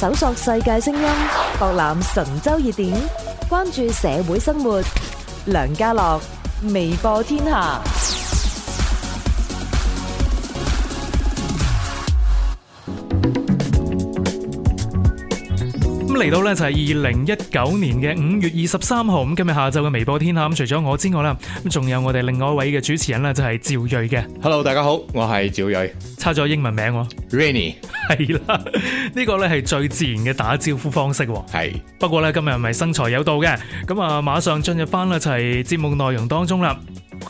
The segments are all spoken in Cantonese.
搜索世界聲音，博覽神州熱點，關注社會生活，梁家樂，微博天下。咁嚟到呢，就係二零一九年嘅五月二十三號，咁今日下晝嘅微博天下，咁除咗我之外啦，咁仲有我哋另外一位嘅主持人呢就係趙瑞嘅。Hello，大家好，我係趙瑞。差咗英文名，Rainy、哦。係啦，呢個呢係最自然嘅打招呼方式、哦。係是。不過呢，今日咪生財有道嘅，咁啊馬上進入翻啦就係節目內容當中啦。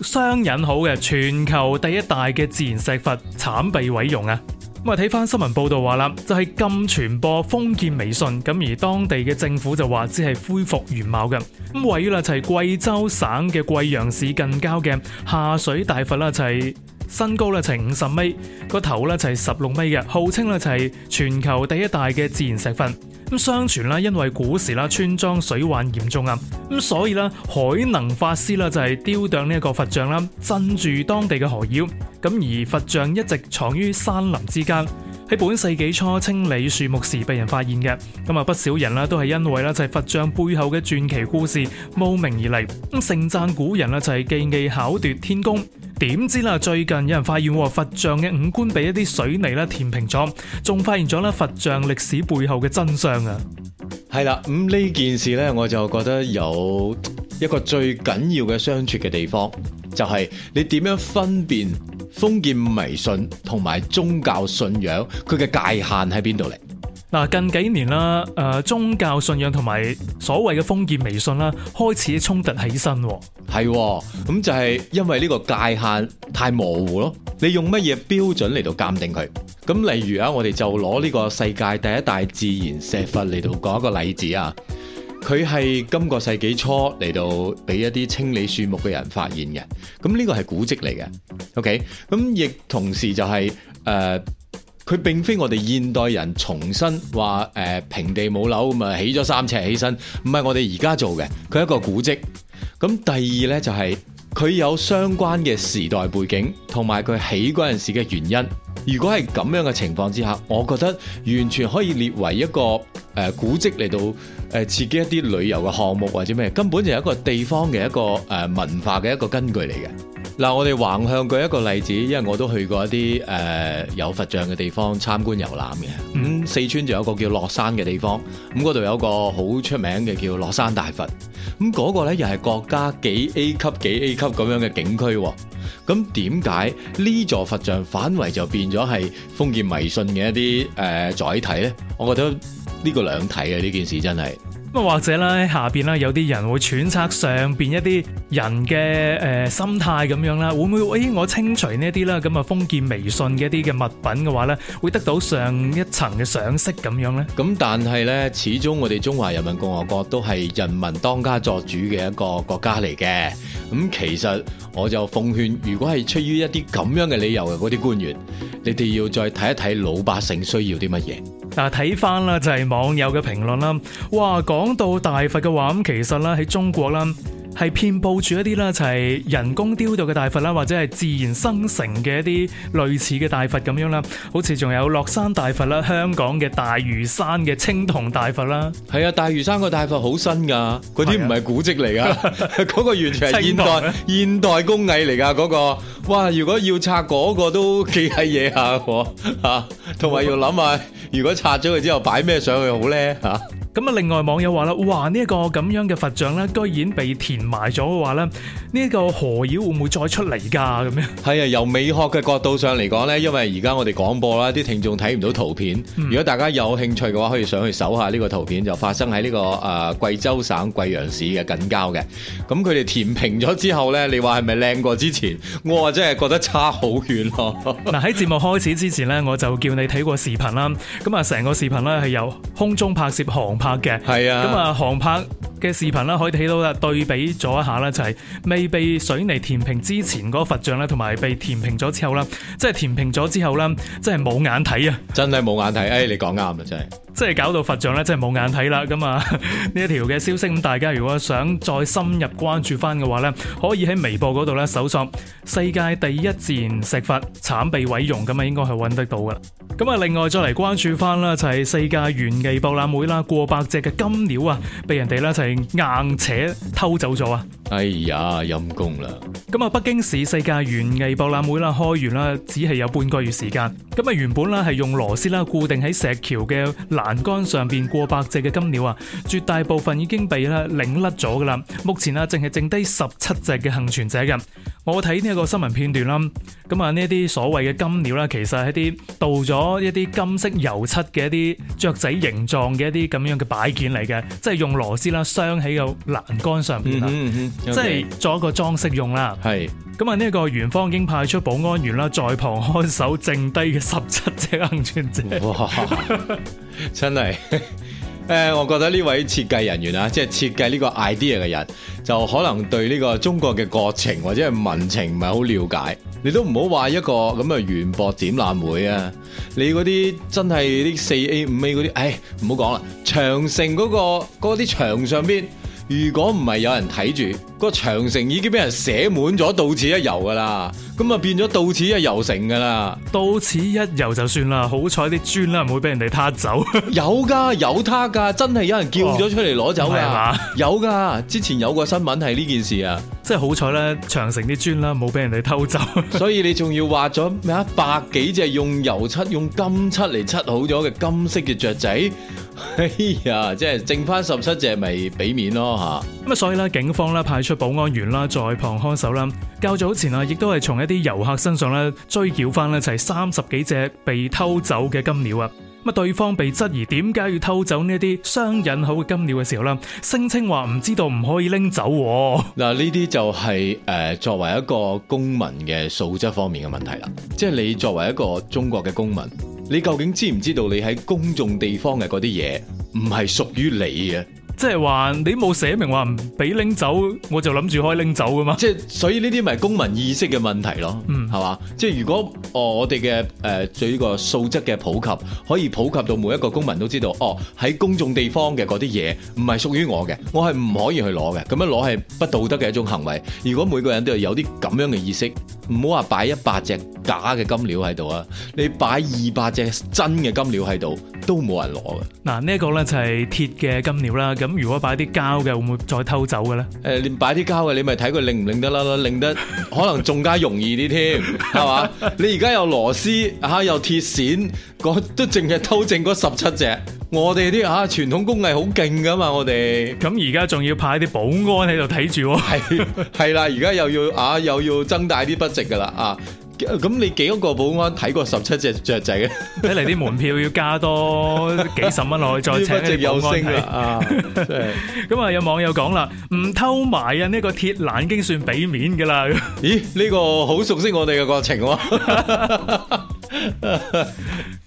雙引號嘅全球第一大嘅自然石佛慘被毀容啊！咁啊睇翻新聞報道話啦，就係、是、禁傳播封建迷信，咁而當地嘅政府就話只係恢復原貌嘅。咁位於咧就係貴州省嘅貴陽市近郊嘅下水大佛啦、就是，就係身高咧就係五十米，個頭咧就係十六米嘅，號稱咧就係全球第一大嘅自然石佛。咁相傳啦，因為古時啦村莊水患嚴重啊，咁所以啦海能法師啦就係雕像呢一個佛像啦，鎮住當地嘅河妖，咁而佛像一直藏於山林之間。喺本世紀初清理樹木時被人發現嘅，咁啊，不少人啦都係因為啦就係佛像背後嘅傳奇故事慕名而嚟，咁盛讚古人呢就係技藝巧奪天工。點知啦，最近有人發現佛像嘅五官被一啲水泥啦填平咗，仲發現咗啦佛像歷史背後嘅真相啊！係啦，咁呢件事咧，我就覺得有一個最緊要嘅相處嘅地方，就係、是、你點樣分辨？封建迷信同埋宗教信仰，佢嘅界限喺邊度嚟？嗱，近幾年啦，誒、呃，宗教信仰同埋所謂嘅封建迷信啦，開始衝突起身。係，咁、 哦、就係因為呢個界限太模糊咯。你用乜嘢標準嚟到鑒定佢？咁例如啊，我哋就攞呢個世界第一大自然石佛嚟到講一個例子啊。佢係今個世紀初嚟到俾一啲清理樹木嘅人發現嘅，咁呢個係古蹟嚟嘅。OK，咁亦同時就係、是、誒，佢、呃、並非我哋現代人重新話誒平地冇樓咁啊起咗三尺起身，唔係我哋而家做嘅，佢係一個古蹟。咁第二呢，就係、是、佢有相關嘅時代背景，同埋佢起嗰陣時嘅原因。如果係咁樣嘅情況之下，我覺得完全可以列為一個誒、呃、古蹟嚟到誒、呃、刺激一啲旅遊嘅項目或者咩，根本就係一個地方嘅一個誒、呃、文化嘅一個根據嚟嘅。嗱，我哋橫向舉一個例子，因為我都去過一啲誒、呃、有佛像嘅地方參觀遊覽嘅。咁、嗯、四川就有個叫樂山嘅地方，咁嗰度有個好出名嘅叫樂山大佛，咁、嗯、嗰、那個咧又係國家幾 A 級幾 A 級咁樣嘅景區喎、啊。咁點解呢座佛像反為就變咗係封建迷信嘅一啲誒、呃、載體呢？我覺得呢個兩體嘅呢件事真係。咁或者咧，下邊咧有啲人會揣測上邊一啲人嘅誒、呃、心態咁樣啦，會唔會誒、哎、我清除呢啲啦，咁啊封建迷信嘅一啲嘅物品嘅話咧，會得到上一層嘅賞識咁樣咧？咁但係咧，始終我哋中華人民共和國都係人民當家作主嘅一個國家嚟嘅。咁其實我就奉勸，如果係出於一啲咁樣嘅理由嘅嗰啲官員，你哋要再睇一睇老百姓需要啲乜嘢。嗱睇翻啦，就係網友嘅評論啦。哇，講到大佛嘅話，咁其實咧喺中國啦，係遍布住一啲啦，就係人工雕到嘅大佛啦，或者係自然生成嘅一啲類似嘅大佛咁樣啦。好似仲有樂山大佛啦，香港嘅大嶼山嘅青銅大佛啦。係啊，大嶼山個大佛好新噶，嗰啲唔係古蹟嚟噶，嗰個完全係現代唐、啊、現代工藝嚟噶。嗰、那個哇，如果要拆嗰個都幾係嘢下，我、啊、吓，同埋要諗下。 如果拆咗佢之後擺咩上去好呢？啊。咁啊！另外網友話啦，哇！呢、這、一個咁樣嘅佛像咧，居然被填埋咗嘅話咧，呢、這個河妖會唔會再出嚟噶？咁樣，係啊！由美學嘅角度上嚟講咧，因為而家我哋廣播啦，啲聽眾睇唔到圖片。嗯、如果大家有興趣嘅話，可以上去搜下呢個圖片，就發生喺呢、這個啊貴、呃、州省貴陽市嘅近郊嘅。咁佢哋填平咗之後咧，你話係咪靚過之前？我啊真係覺得差好遠咯。嗱，喺節目開始之前咧，我就叫你睇個視頻啦。咁啊，成個視頻咧係由空中拍攝航。是啊、拍嘅係啊，咁啊航拍嘅視頻啦，可以睇到啦，對比咗一下啦，就係、是、未被水泥填平之前嗰個佛像咧，同埋被填平咗之後啦，即係填平咗之後咧，真係冇眼睇啊！真係冇眼睇，哎，你講啱啦，真係。即係搞到佛像咧，真係冇眼睇啦！咁啊，呢一條嘅消息，咁大家如果想再深入關注翻嘅話呢，可以喺微博嗰度咧搜索“世界第一自然石佛慘被毀容”，咁啊，應該係揾得到噶。咁啊，另外再嚟關注翻啦，就係世界園藝博覽會啦，過百隻嘅金鳥啊，被人哋呢就係硬扯偷走咗啊！哎呀，陰功啦！咁啊，北京市世界園藝博覽會啦，開完啦，只係有半個月時間。咁啊，原本啦係用螺絲啦固定喺石橋嘅欄杆上邊過百隻嘅金鳥啊，絕大部分已經被啦擰甩咗噶啦，目前啊淨係剩低十七隻嘅幸存者噶。我睇呢一個新聞片段啦，咁啊呢一啲所謂嘅金鳥啦，其實係一啲鍍咗一啲金色油漆嘅一啲雀仔形狀嘅一啲咁樣嘅擺件嚟嘅，即係用螺絲啦鑲喺個欄杆上邊啦，嗯嗯嗯 okay. 即係做一個裝飾用啦。係咁啊呢個園方已經派出保安員啦，在旁看守剩低嘅十七隻鵪鶉仔。哇！真係。誒、呃，我覺得呢位設計人員啊，即係設計呢個 idea 嘅人，就可能對呢個中國嘅國情或者係民情唔係好了解。你都唔好話一個咁嘅園博展覽會啊！你嗰啲真係啲四 A 五 A 嗰啲，唉，唔好講啦，長城嗰、嗰個嗰啲牆上邊。如果唔係有人睇住，個長城已經俾人寫滿咗，到此一遊噶啦，咁啊變咗「到此一遊城」噶啦，到此一遊就算啦。好彩啲磚啦唔會俾人哋撻走， 有噶有攤噶，真係有人叫咗出嚟攞走嘅，哦、 有噶，之前有個新聞係呢件事啊。即係好彩咧，長城啲磚啦，冇俾人哋偷走。所以你仲要畫咗咩啊？百幾隻用油漆、用金漆嚟漆好咗嘅金色嘅雀仔，哎呀，即係剩翻十七隻，咪俾面咯吓。咁啊，所以咧，警方咧派出保安員啦，在旁看守啦。較早前啊，亦都係從一啲遊客身上咧追繳翻一齊三十幾隻被偷走嘅金鳥啊。咁啊，對方被質疑點解要偷走呢啲雙引口嘅金鳥嘅時候啦，聲稱話唔知道唔可以拎走，啊就係。嗱、呃，呢啲就係誒作為一個公民嘅素質方面嘅問題啦。即係你作為一個中國嘅公民，你究竟知唔知道你喺公眾地方嘅嗰啲嘢唔係屬於你嘅？即係話你冇寫明話唔俾拎走，我就諗住可以拎走噶嘛。即係所以呢啲咪公民意識嘅問題咯。嗯，係嘛。即係如果哦，我哋嘅誒，做、呃、呢個素質嘅普及，可以普及到每一個公民都知道，哦喺公眾地方嘅嗰啲嘢唔係屬於我嘅，我係唔可以去攞嘅。咁樣攞係不道德嘅一種行為。如果每個人都係有啲咁樣嘅意識，唔好話擺一百隻假嘅金鳥喺度啊，你擺二百隻真嘅金鳥喺度，都冇人攞嘅。嗱，呢一個咧就係、是、鐵嘅金鳥啦。咁咁如果擺啲膠嘅會唔會再偷走嘅咧？誒、呃，你擺啲膠嘅，你咪睇佢擰唔擰得甩甩，擰得可能仲加容易啲添，係嘛？ 你而家有螺絲吓，又、啊、鐵線，都淨係偷淨嗰十七隻。我哋啲吓傳統工藝好勁噶嘛，我哋。咁而家仲要派啲保安喺度睇住我，係係啦，而家又要啊又要增大啲 budget 噶啦啊！.咁你幾多個保安睇過十七隻雀仔啊？睇嚟啲門票要加多幾十蚊落去再請嘅保安嚟啊！咁啊，有網友講啦，唔偷埋啊，呢、這個鐵欄已經算俾面噶啦。 咦？呢、這個好熟悉我哋嘅國情。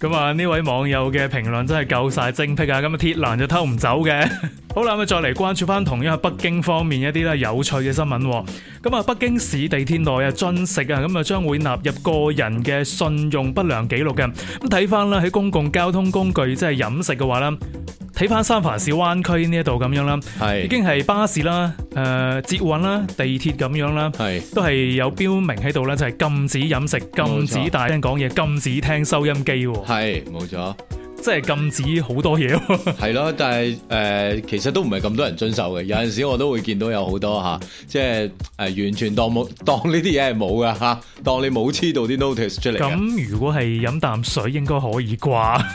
咁啊！呢位網友嘅評論真係夠晒精辟啊！咁啊，鐵欄就偷唔走嘅。好啦，咁啊，再嚟關注翻同樣喺北京方面一啲咧有趣嘅新聞。咁啊，北京市地鐵內啊進食啊，咁啊將會納入個人嘅信用不良記錄嘅。咁睇翻啦，喺公共交通工具即係飲食嘅話咧，睇翻三藩市灣區呢一度咁樣啦，係已經係巴士啦、誒捷運啦、地鐵咁樣啦，係都係有標明喺度咧，就係禁止飲食、禁止大聲講嘢、禁止聽收音機。係冇錯，錯即係禁止好多嘢咯、啊。係咯， 但係誒、呃，其實都唔係咁多人遵守嘅。有陣時我都會見到有好多吓、啊，即係誒、呃，完全當冇當呢啲嘢係冇噶吓，當你冇知道啲 notice 出嚟。咁如果係飲啖水，應該可以啩？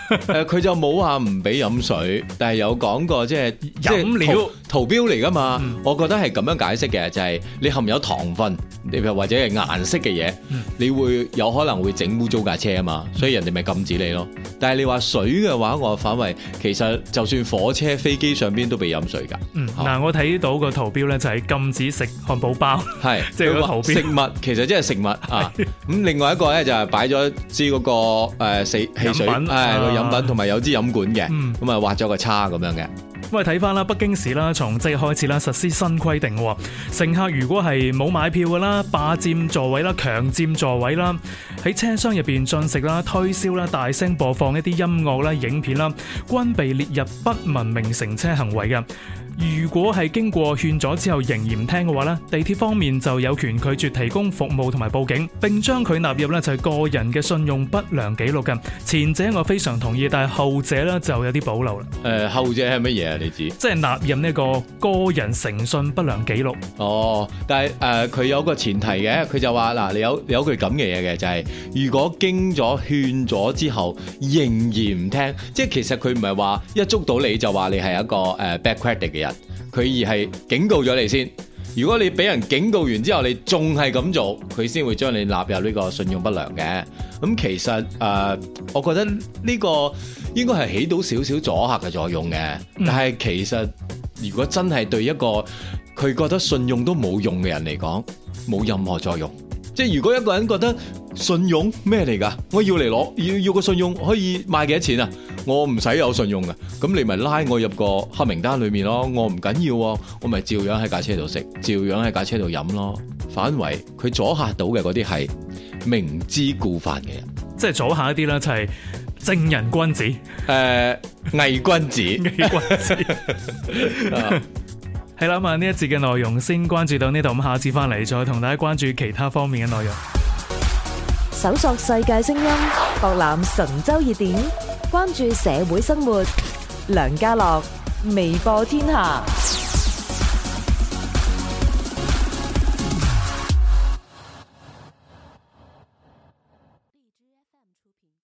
誒、 呃，佢就冇話唔俾飲水，但係有講過即係飲料。圖標嚟噶嘛？嗯、我覺得係咁樣解釋嘅，就係、是、你含有糖分，你或者係顏色嘅嘢，嗯、你會有可能會整污糟架車啊嘛，所以人哋咪禁止你咯。但係你水話水嘅話，我反為其實就算火車、飛機上邊都俾飲水㗎。嗯，嗱對，我睇到個圖標咧，就係禁止食漢堡包，係即係食物，其實即係食物是啊。咁 另外一個咧就係擺咗支嗰個汽水，係個飲品，同埋、啊哎、有，飲有支飲管嘅，咁啊、嗯嗯、畫咗個叉咁樣嘅。咁睇翻啦，北京市啦，從即日開始啦，實施新規定喎。乘客如果係冇買票噶啦，霸佔座位啦，強佔座位啦，喺車廂入邊進食啦，推銷啦，大聲播放一啲音樂啦、影片啦，均被列入不文明乘車行為嘅。如果係經過勸阻之後仍然唔聽嘅話呢，地鐵方面就有權拒絕提供服務同埋報警，並將佢納入呢就係個人嘅信用不良記錄嘅。前者我非常同意，但係後者呢就有啲保留啦。誒、呃，後者係乜嘢啊？你知，即係納入呢個個人誠信不良記錄。哦，但係誒，佢、呃、有個前提嘅，佢就話嗱，你有你有句咁嘅嘢嘅，就係、是、如果經咗勸阻之後仍然唔聽，即係其實佢唔係話一捉到你就話你係一個誒 bad credit 嘅人。佢而係警告咗你先，如果你俾人警告完之後，你仲係咁做，佢先會將你納入呢個信用不良嘅。咁、嗯、其實誒、呃，我覺得呢個應該係起到少少阻嚇嘅作用嘅，但係其實如果真係對一個佢覺得信用都冇用嘅人嚟講，冇任何作用。即係如果一個人覺得信用咩嚟噶，我要嚟攞要要個信用可以賣幾多錢啊？我唔使有信用噶，咁你咪拉我入個黑名單裏面咯。我唔緊要喎，我咪照樣喺架車度食，照樣喺架車度飲咯。反為佢阻吓到嘅嗰啲係明知故犯嘅人，即係阻吓一啲咧就係、是、正人君子，誒偽、呃、君子，偽 君子。 係啦，咁啊呢一節嘅內容先關注到呢度，咁下次翻嚟再同大家關注其他方面嘅內容。搜索世界聲音，博覽神州熱點，關注社會生活。梁家樂，微博天下。